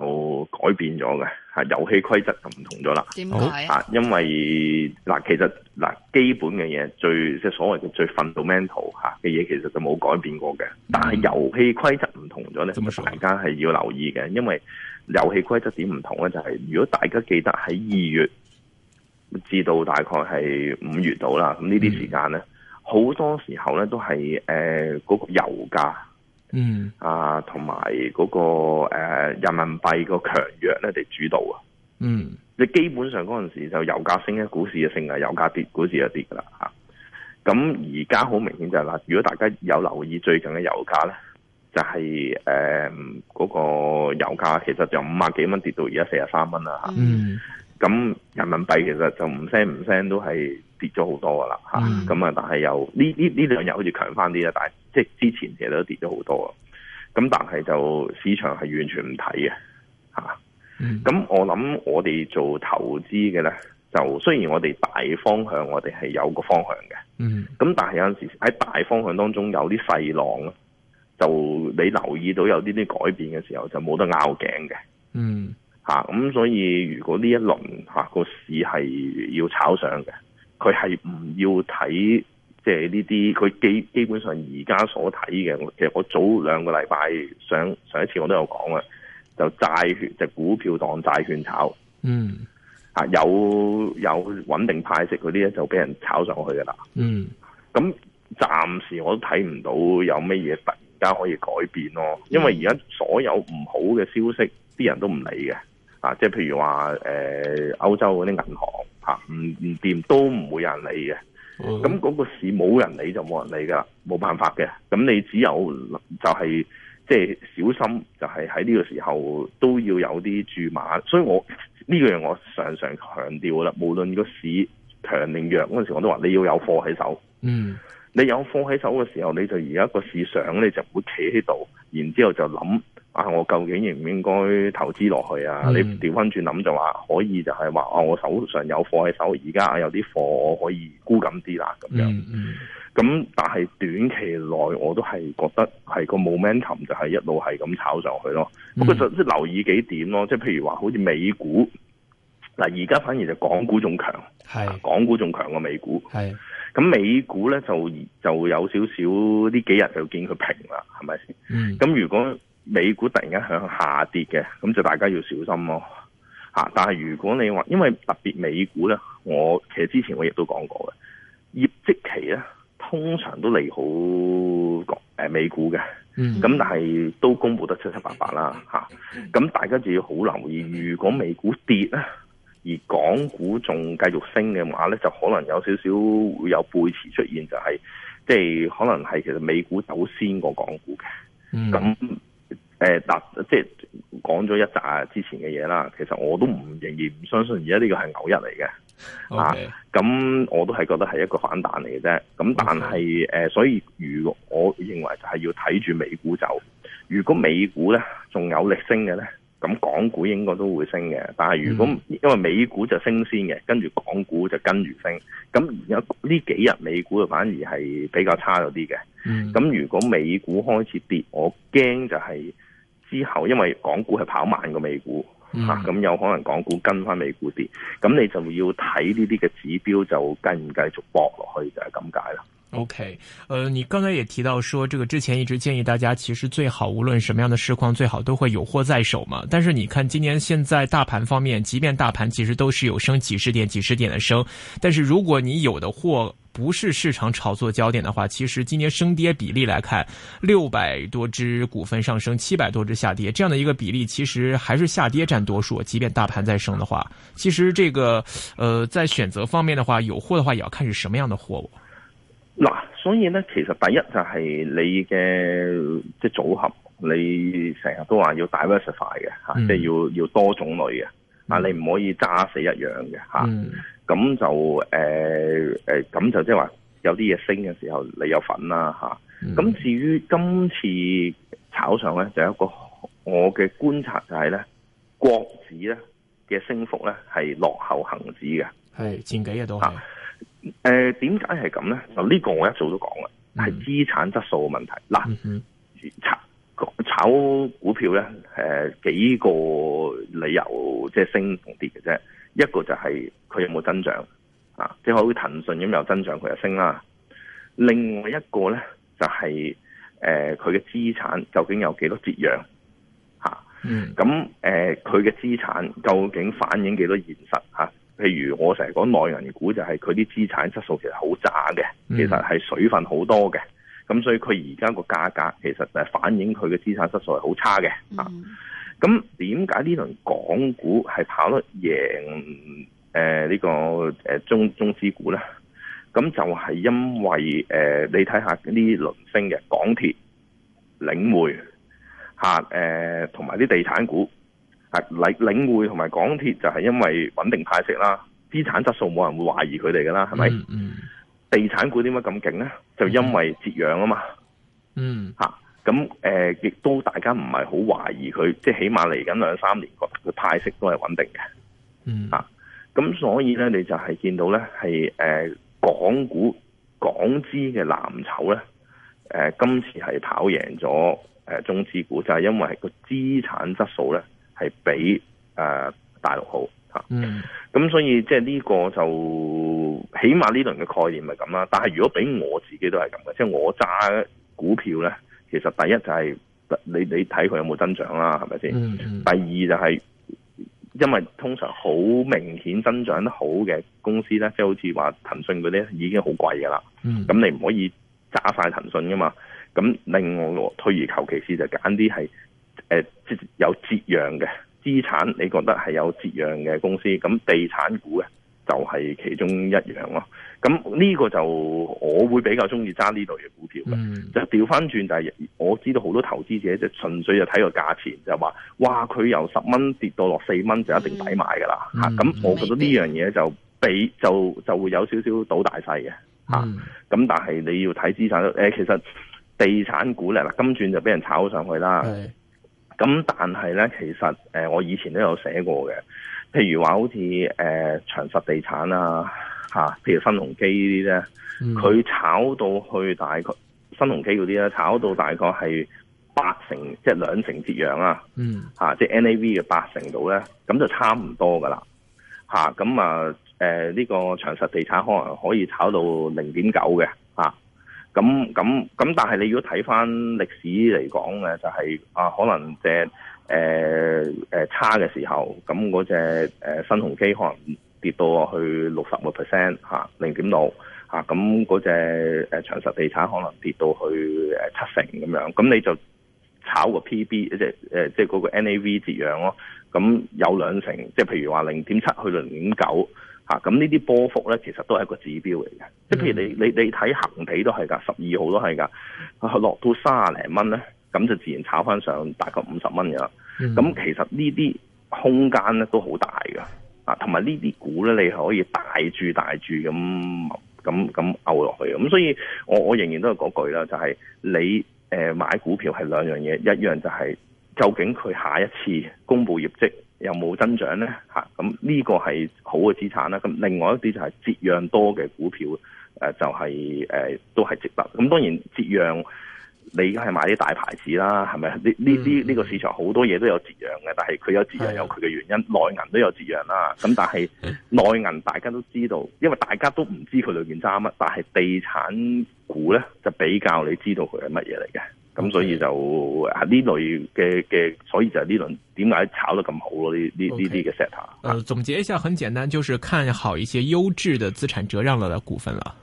我改變咗嘅，係遊戲規則就唔同咗啦。點解啊？因為嗱，其實嗱，基本嘅嘢最即係所謂嘅最 fundamental 嚇嘅嘢，其實就冇改變過嘅。但係遊戲規則唔同咗咧、嗯，大家係要留意嘅。因為遊戲規則點唔同咧，就係、是、如果大家記得喺二月至到大概係五月度啦，咁呢啲時間咧，好、嗯、多時候咧都係誒嗰個油價。嗯，啊，同埋嗰個誒、呃、人民幣個強弱咧，嚟主導啊。嗯，你基本上嗰陣時就油價升，誒股市就升啊；油價跌，股市就跌噶啦吓。咁而家好明顯就係、是、啦，如果大家有留意最近嘅油價咧，就係誒嗰個油價其實就五十幾蚊跌到而家四十三蚊啦吓。嗯，咁人民幣其實就唔升唔升都係跌咗好多噶啦吓。咁啊、嗯、啊，但係又呢呢呢兩日好似強翻啲啊，但係。即之前其實都跌咗好多啊，咁但係就市場係完全唔睇嘅嚇。咁、嗯、我諗我哋做投資嘅咧，就雖然我哋大方向我哋係有個方向嘅，咁、嗯、但係有陣時喺大方向當中有啲細浪咧，就你留意到有呢啲改變嘅時候就的，就冇得拗頸嘅，嚇咁所以如果呢一輪嚇個、啊、市係要炒上嘅，佢係唔要睇。即係呢啲，佢基基本上而家所睇嘅。其實我早兩個禮拜上上一次我都有講啊，就債券就股票當債券炒，嗯，啊有有穩定派息嗰啲咧就俾人炒上去噶啦，嗯，咁暫時我都睇唔到有咩嘢突然間可以改變咯，因為而家所有唔好嘅消息，啲人都唔理嘅，啊，即係譬如話誒歐洲嗰啲銀行吓唔唔掂都唔會有人理嘅。咁、那、嗰個市冇人理就冇人理噶，冇辦法嘅。咁你只有就係即係小心，就係喺呢個時候都要有啲注碼。所以我呢、這個嘢我常常強調啦，無論個市強定弱，嗰陣時我都話你要有貨喺手。嗯，你有貨喺手嘅時候，你就而家個市上你就唔會企喺度，然之後就諗。啊！我究竟應唔應該投資落去啊？嗯、你調翻轉諗就話可以就係，就係話啊！我手上有貨喺手，而家有啲貨我可以沽咁啲啦咁樣。咁、嗯嗯嗯、但係短期內我都係覺得係個 momentum 就係一路係咁炒上去咯、嗯。不過就留意幾點咯，即係譬如話好似美股嗱，而家反而就港股仲強，係港股仲強過美股。係咁、啊、美股咧就就有少少呢幾日就見佢平啦，係咪先？咁如果美股突然間向下跌嘅，咁就大家要小心咯、啊，吓、啊！但係如果你話，因為特別美股咧，我其實之前我亦都講過嘅，業績期咧通常都利好誒美股嘅，咁但係都公布得七七八八啦，吓、啊！咁大家就要好留意，如果美股跌咧，而港股仲繼續升嘅話咧，就可能有少少會有背馳出現，就係即係可能係其實美股走先過港股嘅，咁。誒、呃，嗱，即係講咗一集之前嘅嘢啦，其實我都唔仍然唔相信而家呢個係牛一嚟嘅，okay。啊，咁我都係覺得係一個反彈嚟嘅啫。咁但係誒、okay。呃，所以如果我認為就係要睇住美股走。如果美股咧仲有力升嘅咧，咁港股應該都會升嘅。但係如果、嗯、因為美股就升先嘅，跟住港股就跟住升。咁而家呢幾日美股就反而係比較差咗啲嘅。咁、嗯、如果美股開始跌，我驚就係、是。之後，因為港股係跑慢過美股嚇，咁、嗯啊、有可能港股跟翻美股啲，咁你就要睇呢啲嘅指標就繼唔繼續搏落去就係咁解啦。OK，呃，你剛才也提到說，這個之前一直建議大家，其實最好無論什麼樣嘅市況，最好都會有貨在手嘛。但是你看今年現在大盤方面，即便大盤其實都是有升幾十點、幾十點的升，但是如果你有的貨。不是市場炒作焦點的話，其實今年升跌比例來看，六百多隻股份上升，七百多隻下跌，這樣的一個比例其實還是下跌佔多數。即便大盤再升的話，其實這個呃在選擇方面的話，有貨的話也要看是什麼樣的貨物。嗱，所以呢，其實第一就係你嘅即係組合，你成日都話要 diversify 嘅吓、嗯，即係要要多種類嘅，但你唔可以揸死一樣嘅吓。嗯咁就誒咁、呃呃、就即係話有啲嘢升嘅時候，你有份啦吓。咁至於今次炒上咧，就有一個我嘅觀察就係咧，國指咧嘅升幅咧係落後恆指嘅，係前幾日都係。誒點解係咁咧？就呢個我一早都講啦，係資產質素嘅問題。嗱、嗯，炒炒股票咧、呃，幾個理由即係升同跌嘅啫。一個就係佢有冇增長啊，即係好似騰訊咁有增長，佢、啊、就升啦。另外一個咧就係誒佢嘅資產究竟有幾多折讓嚇？啊 mm. 嗯，咁誒佢嘅資產究竟反映幾多現實嚇、啊？譬如我成日講內銀股就係佢啲資產質素其實好渣嘅，mm. 其實係水分好多嘅。咁所以佢而家個價格其實就係反映佢嘅資產質素係好差嘅嚇。啊 mm. 咁點解呢輪港股係跑得贏誒、呃這個呃、呢個誒中中資股咧？咁就係因為誒、呃、你睇下呢輪升嘅港鐵、領匯吓誒，同埋啲地產股啊領領匯同埋港鐵就係因為穩定派息啦，資產質素冇人會懷疑佢哋㗎啦，係咪？嗯，嗯。地產股點解咁勁咧？就因為折讓嘛啊嘛。嗯。吓、嗯。咁誒，亦都大家唔係好懷疑佢，即係起碼嚟緊兩三年個佢派息都係穩定嘅，嗯啊，咁所以咧，你就係見到咧，係誒、呃、港股港資嘅藍籌咧，誒、呃、今次係跑贏咗誒、呃、中資股，就係、是、因為個資產質素咧係比誒、呃、大陸好、啊、嗯、啊，咁所以即係呢個就起碼呢輪嘅概念係咁啦。但係如果俾我自己都係咁嘅，即、就、係、是、我揸股票咧。其實第一就係、是、你你睇佢有冇增長啦，係咪先？Mm-hmm. 第二就係、是，因為通常好明顯增長得好嘅公司咧，即、就、係、是、好似話騰訊嗰啲已經好貴噶啦。咁、mm-hmm. 你唔可以揸晒騰訊噶嘛？咁另外退而求其次就揀啲係誒有折讓嘅資產，你覺得係有折讓嘅公司？咁地產股嘅。就係、是、其中一樣咯，咁呢個就我會比較中意揸呢類嘅股票嘅、嗯，就調翻轉就係我知道好多投資者就純粹就睇個價錢就話，哇佢由十蚊跌到落四蚊就一定抵買㗎啦嚇，咁、嗯啊嗯、我覺得呢樣嘢就比就就會有少少賭大細嘅嚇，咁、啊嗯、但係你要睇資產，誒其實地產股咧，今轉就俾人炒咗上去啦，咁但係咧其實誒我以前都有寫過嘅。譬如話好似誒長實地產啊，嚇、啊，譬如新鴻基呢啲咧，佢、嗯、炒到去大概新鴻基嗰啲咧，炒到大概係八成，即係兩成折讓啊，嚇、嗯啊，即係 N A V 嘅八成度咧，咁就差唔多噶啦，嚇、啊，咁啊誒呢、呃這個長實地產可能可以炒到零點九嘅，嚇、啊，咁咁咁，但係你如果睇翻歷史嚟講呢，就係、是、啊可能即、就是誒、呃、誒、呃、差嘅時候，咁嗰隻誒新鴻基可能跌到去六十個 percent 吓，零點六吓，咁嗰隻誒長實地產可能跌到去誒、呃、七成咁樣，咁你就炒個 P B 即係誒即係嗰個 N A V 字樣咯，咁、啊、有兩成，即、就、係、是、譬如話零點七去到零點九吓，咁呢啲波幅咧其實都係一個指標嚟嘅，即、嗯、係譬如你你你睇恒地都係噶，十二號都係噶，落、啊、到三啊零蚊咧。咁就自然炒翻上大概五十蚊嘅啦。咁、嗯、其實呢啲空間咧都好大㗎，啊，同埋呢啲股咧你可以大住大住咁咁咁溝落去。咁所以我我仍然都有嗰句啦，就係、是、你誒、呃、買股票係兩樣嘢，一樣就係究竟佢下一次公布業績有冇增長咧嚇？咁呢個係好嘅資產啦。咁另外一啲就係折讓多嘅股票、呃、就係、是呃、都係值得。咁當然折讓。你而家係買啲大牌子啦，係咪？呢呢呢呢個市場好多嘢都有折讓嘅，但係佢有折讓有佢嘅原因，內銀都有折讓啦。咁但係內銀大家都知道，因為大家都唔知佢裏邊揸乜，但係地產股咧就比較你知道佢係乜嘢嚟嘅。咁所以就喺呢、okay. 啊、類嘅嘅，所以就呢輪點解炒得咁好咯？呢呢呢啲嘅 sector。Okay. 呃，總結一下，很簡單，就是看好一些優質的資產折讓嘅股份啦。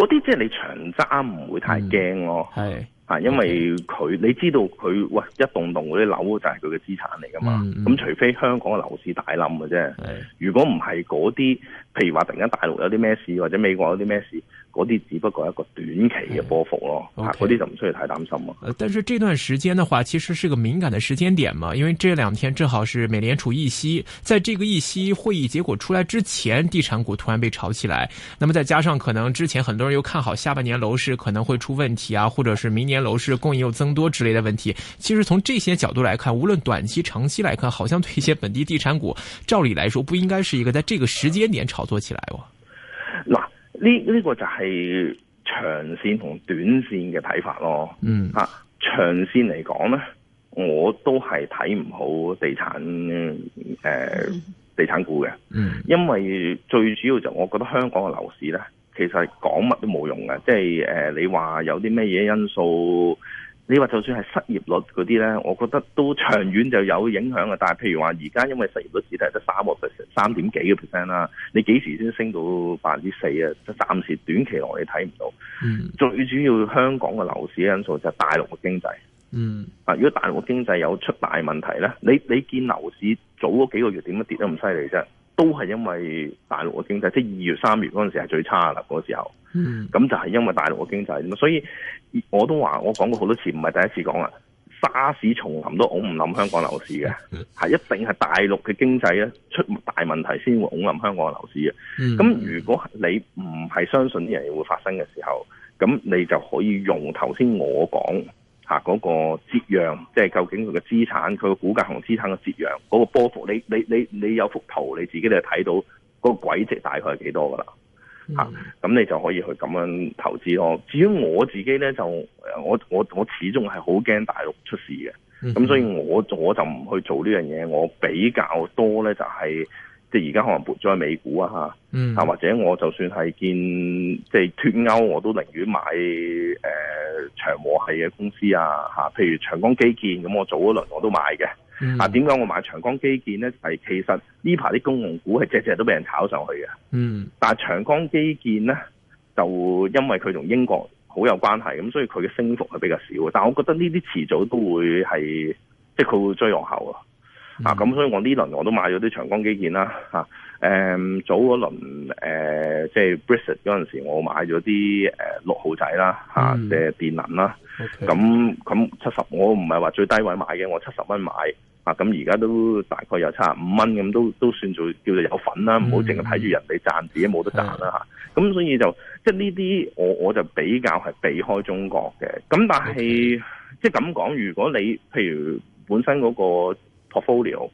嗰啲即係你長揸唔會太驚咯、啊，啊、嗯，因為佢、okay. 你知道佢喂一棟棟嗰啲樓就係佢嘅資產嚟噶嘛，咁、嗯、除非香港嘅樓市大冧嘅啫，如果唔係嗰啲，譬如話突然間大陸有啲咩事，或者美國有啲咩事。嗰啲只不過一個短期嘅波幅咯，嗰啲、okay 啊、就唔需要太擔心。但是這段時間的話，其實是個敏感的時間點嘛，因為這兩天正好是美聯儲議息，在這個議息會議結果出來之前，地產股突然被炒起來。那麼再加上可能之前很多人又看好下半年樓市可能會出問題啊，或者是明年樓市供應又增多之類的問題。其實從這些角度來看，無論短期、長期來看，好像對一些本地地產股，照理來說不應該是一個在這個時間點炒作起來哦、啊。呢呢、這個就係長線同短線嘅睇法咯。嗯，嚇、啊、長線嚟講呢，我都係睇唔好地產誒、呃、地產股嘅。嗯，因為最主要就是我覺得香港嘅樓市呢，其實講乜都冇用嘅。即係、呃、你話有啲咩嘢因素？你話就算係失業率嗰啲咧，我覺得都長遠就有影響啊！但係譬如話而家因為失業率只係得三個 percent，三點幾嘅 percent 啦，你幾時先升到百分之四啊？暫時短期內你睇唔到。嗯，最主要香港嘅樓市因素就係大陸嘅經濟。嗯，啊，如果大陸嘅經濟有出大問題咧，你你見樓市早嗰幾個月點樣跌得咁犀利啫？都係因為大陸嘅經濟，即係二月、三月嗰陣時係最差啦，嗰時候，咁就係因為大陸嘅經濟，所以我都話，我講過好多次，唔係第一次講啦，沙士重臨都拱唔冧香港樓市嘅，係一定係大陸嘅經濟咧出大問題先會拱冧香港樓市嘅。咁如果你唔係相信啲嘢會發生嘅時候，咁你就可以用頭先我講。啊！嗰個折讓，即係究竟佢嘅資產，佢嘅股價同資產嘅折讓，嗰個波幅，你你你你有幅圖，你自己就睇到嗰個軌跡大概係幾多噶啦？嚇、嗯！咁你就可以去咁樣投資咯。至於我自己咧，就我我我始終係好驚大陸出事嘅，咁所以我我就唔去做呢樣嘢，我比較多咧就係。即係而家可能撥咗去美股啊嚇，啊、嗯、或者我就算係見，即係脱歐，我都寧願買誒、呃、長和系嘅公司啊嚇，譬如長江基建咁，我早一輪我都買嘅。啊點解我買長江基建咧？係其實呢排啲公共股係隻隻都俾人炒上去嘅。嗯，但係長江基建咧就因為佢同英國好有關係咁，所以佢嘅升幅係比較少嘅。但係我覺得呢啲遲早都會係即係佢會追落後啊。嗯、啊，咁所以我呢輪我都買咗啲長江基建啦，嚇、啊嗯，早嗰輪即係 Brexit 嗰陣時，我買咗啲、啊、六號仔啦，即、啊、嘅、嗯、電能啦，咁、okay. 咁七十，我唔係話最低位買嘅，我七十蚊買，啊，咁而家都大概有七十五蚊，咁都都算做叫做有份啦，唔好淨係睇住人哋賺,、嗯、賺，自己冇得賺啦咁所以就即係呢啲，我我就比較係避開中國嘅，咁但係、okay. 即係咁講，如果你譬如本身嗰、那個。portfolio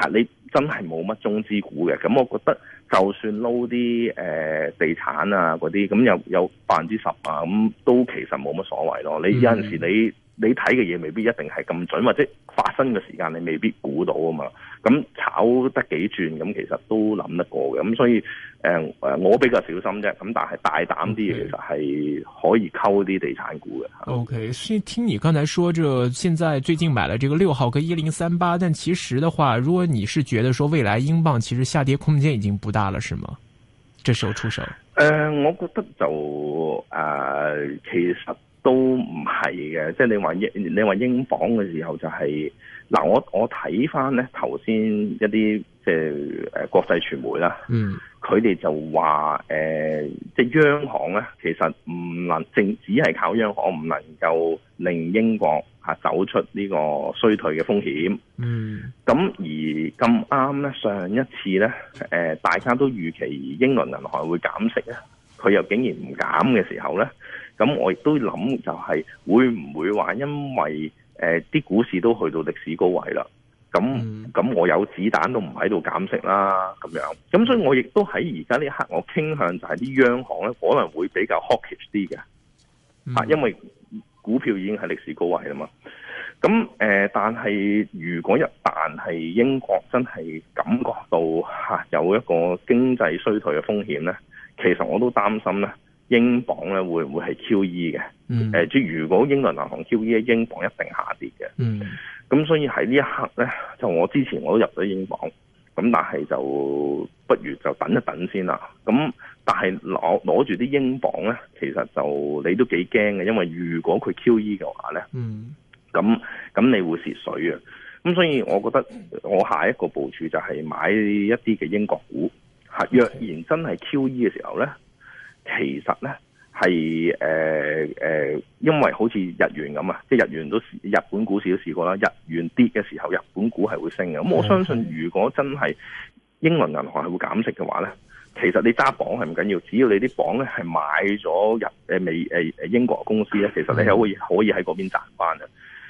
吓，你真係冇乜中資股嘅，咁我覺得就算撈啲誒地產啊嗰啲，咁又有百分之十啊，咁都其實冇乜所謂咯。你有陣時你。嗯嗯你睇嘅嘢未必一定係咁準，或者發生嘅時間你未必估到啊嘛。咁炒得幾轉咁，其實都諗得過嘅。咁所以誒、呃、我比較小心啫。咁但係大膽啲其實係可以溝啲地產股嘅。O K，先聽你剛才說，就現在最近買了這個六號跟一零三八，但其實的話，如果你是覺得說未來英鎊其實下跌空間已經不大了，是嗎？這時候出手？誒、呃，我覺得就誒、呃，其實。都唔係嘅，即係你話英，你話英鎊嘅時候就係、是、嗱，我我睇翻咧頭先一啲即係誒國際傳媒啦，嗯、mm.，佢、呃、哋就話誒，即係央行咧，其實唔能淨只係靠央行唔能夠令英國嚇走出呢個衰退嘅風險，嗯，咁而咁啱咧，上一次咧誒，大家都預期英倫銀行會減息啊，佢又竟然唔減嘅時候咧。咁我亦都諗就係會唔會話因為誒啲、呃、股市都去到歷史高位啦，咁咁、嗯、我有子彈都唔喺度減息啦咁樣，咁所以我亦都喺而家呢一刻，我傾向就係啲央行咧可能會比較 hawkish 啲嘅，啊，因為股票已經係歷史高位啦嘛。咁誒、呃，但係如果一但係英國真係感覺到吓、啊、有一個經濟衰退嘅風險咧，其實我都擔心咧。英鎊咧會唔會係 QE 嘅？誒、嗯，即、呃、係如果英倫銀行 QE，英鎊一定下跌嘅。嗯，咁所以喺呢一刻咧，就我之前我都入咗英鎊，咁但係就不如就等一等先啦、啊。咁但係攞攞住啲英鎊咧，其實就你都幾驚嘅，因為如果佢 QE 嘅話咧，嗯，咁咁你會蝕水啊。咁所以我覺得我下一個部署就係買一啲嘅英國股。吓，若然真係 QE 嘅時候咧。其實呢，係誒誒，因為好似日元咁啊，即係日元都試日本股市都試過啦。日元跌嘅時候，日本股係會升嘅。咁我相信，如果真係英倫銀行係會減息嘅話呢，其實你揸磅係唔緊要，只要你啲磅呢係買咗日美誒英國公司呢，其實你係會可以喺嗰邊賺翻嘅。